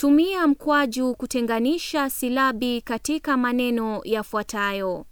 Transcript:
Tumia mkwaju kutenganisha silabi katika maneno yafuatayo.